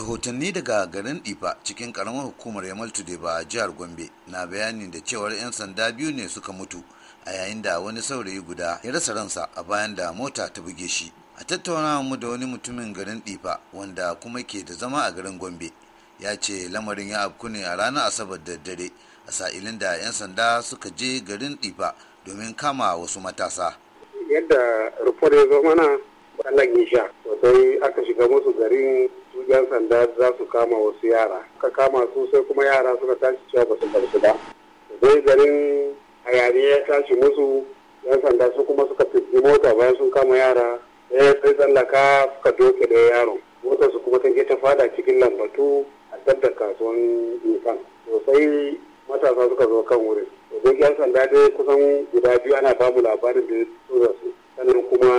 rahotanni daga garin difa cikin karamar hukumar yamal ba a jihar gombe na bayani da cewar 'yan sanda biyu ne suka mutu a yayin da wani saurayi guda ya rasa ransa a bayan da mota ta buge shi a tattaunawa mu da wani mutumin garin difa wanda kuma ke da zama a garin gombe ya ce lamarin ya afku ne a ranar asabar da dare a sa'ilin da 'yan sanda suka je garin difa domin kama wasu matasa yadda rufar ya zo mana ɓallan sha sosai aka shiga musu garin 'yan sanda za su kama wasu yara ka kama su sai kuma yara suka tashi cewa ba su karsu ba dai garin hayaniya ya tashi musu 'yan sanda su kuma suka fiddi mota bayan sun kama yara ɗaya sai tsallaka suka doke da yaron mota su kuma ta je ta fada cikin lambatu a dadda kasuwan nisan sosai matasa suka zo kan wurin duk 'yan sanda dai kusan guda biyu ana bamu labarin da ya su sannan kuma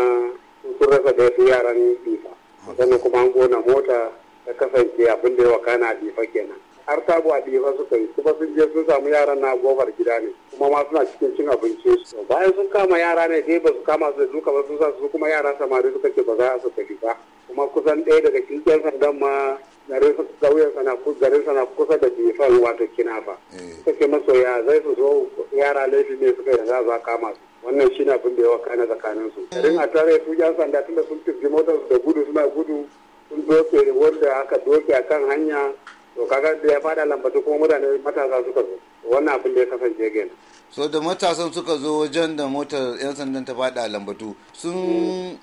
sun rasa da yaran nisan sannan kuma an gona mota ta kasance abin da ya wakana difa kenan har ta a difa suka yi kuma sun je sun samu yaran na gofar gida ne kuma ma suna cikin cin abinci su bayan sun kama yara ne dai ba su kama su da duka ba sun sa su kuma yara samari suka ce ba za su tafi ba kuma kusan ɗaya daga cikin sandan ma garin ƙauyen sana kusa da jifan wato ba eh. suka ce masoya zai su zo yara laifi ne suka yi za a kama su wannan shi na abin da ya wakana tsakanin su garin a tare su yan sanda tunda sun tafi motar da gudu suna gudu sun doke wanda aka doke a kan hanya to kaga da ya fada lambatu kuma mutane matasa suka zo wannan abin da ya kasance kenan so da matasan suka zo wajen da motar yan sandan ta fada lambatu sun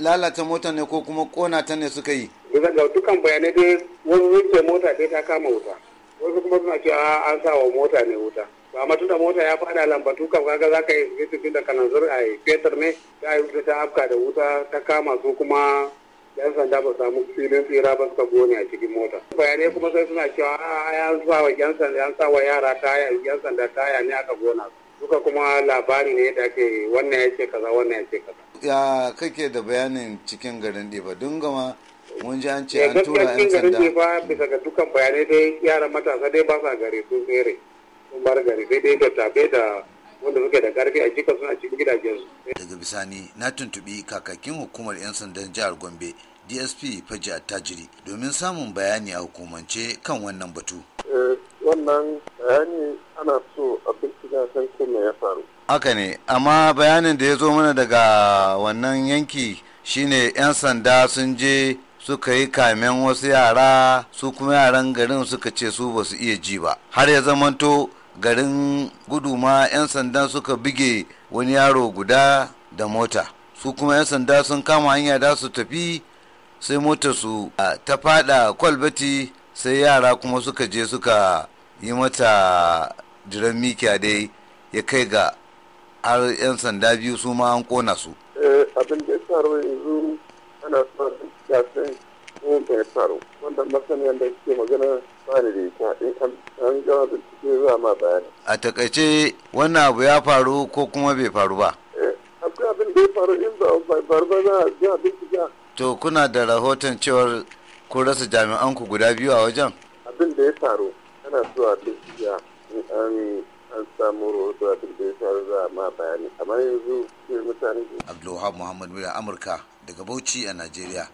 lalata motar ne ko kuma kona ta ne suka yi bisa ga dukkan bayanai dai wani wuce mota dai ta kama wuta wasu kuma suna cewa an sa wa mota ne wuta ba matu da mota ya fada lambatu kan kaga za ka yi da kanan zur a fetur ne ta yi wuta ta afka da wuta ta kama su kuma yan sanda ba samu filin tsira ba suka goni a cikin mota bayanai kuma sai suna cewa a yan sa wa yan sanda yan sa wa yara taya yan sanda taya ne aka gona duka kuma labari ne da ke wannan ya ce kaza wannan ya ce kaza ya kake da bayanin cikin garin ɗiba don gama mun ji an ce eh, an tura yan sanda ba bisa ga dukkan bayanai dai yaran matasa dai ba sa gare sun tsere sun bar gari dai dai da tafe da wanda suke da karfi a cikin suna cikin gidajensu. Daga bisani na tuntuɓi kakakin hukumar 'yan sandan jihar Gombe DSP Faji Attajiri domin samun bayani a hukumance kan wannan batu. Eh, wannan bayani ana so a bincika kan kuma ya faru. Haka ne, amma bayanin da ya zo mana daga wannan yanki shine 'yan sanda sun je suka yi kamen wasu yara su kuma yaran garin suka ce su ba su iya ji ba har ya zamanto garin gudu ma 'yan sanda suka buge wani yaro guda da mota su kuma 'yan sanda sun kama hanya da su tafi sai mota su ta fada kwalbati sai yara kuma suka je suka yi mata jiran mikiya dai ya kai ga har 'yan sanda biyu su ma an kona su eh, abin da ya faru yanzu ana son ƙungiyar tsaro wanda masaniyan da ke magana tsari da ita in an gama da cikin za ma bayani. a takaice wannan abu ya faru ko kuma bai faru ba. Eh, akwai abin da ya faru in ba faru ba za a ga bincika. to kuna da rahoton cewar kun rasa jami'an ku guda biyu a wajen. abin da ya faru ana zuwa bincika in an an samu rahoto duk da ya faru za a ma bayani amma yanzu mutane. Abdulwahab Muhammad Mura Amurka daga Bauchi a Najeriya.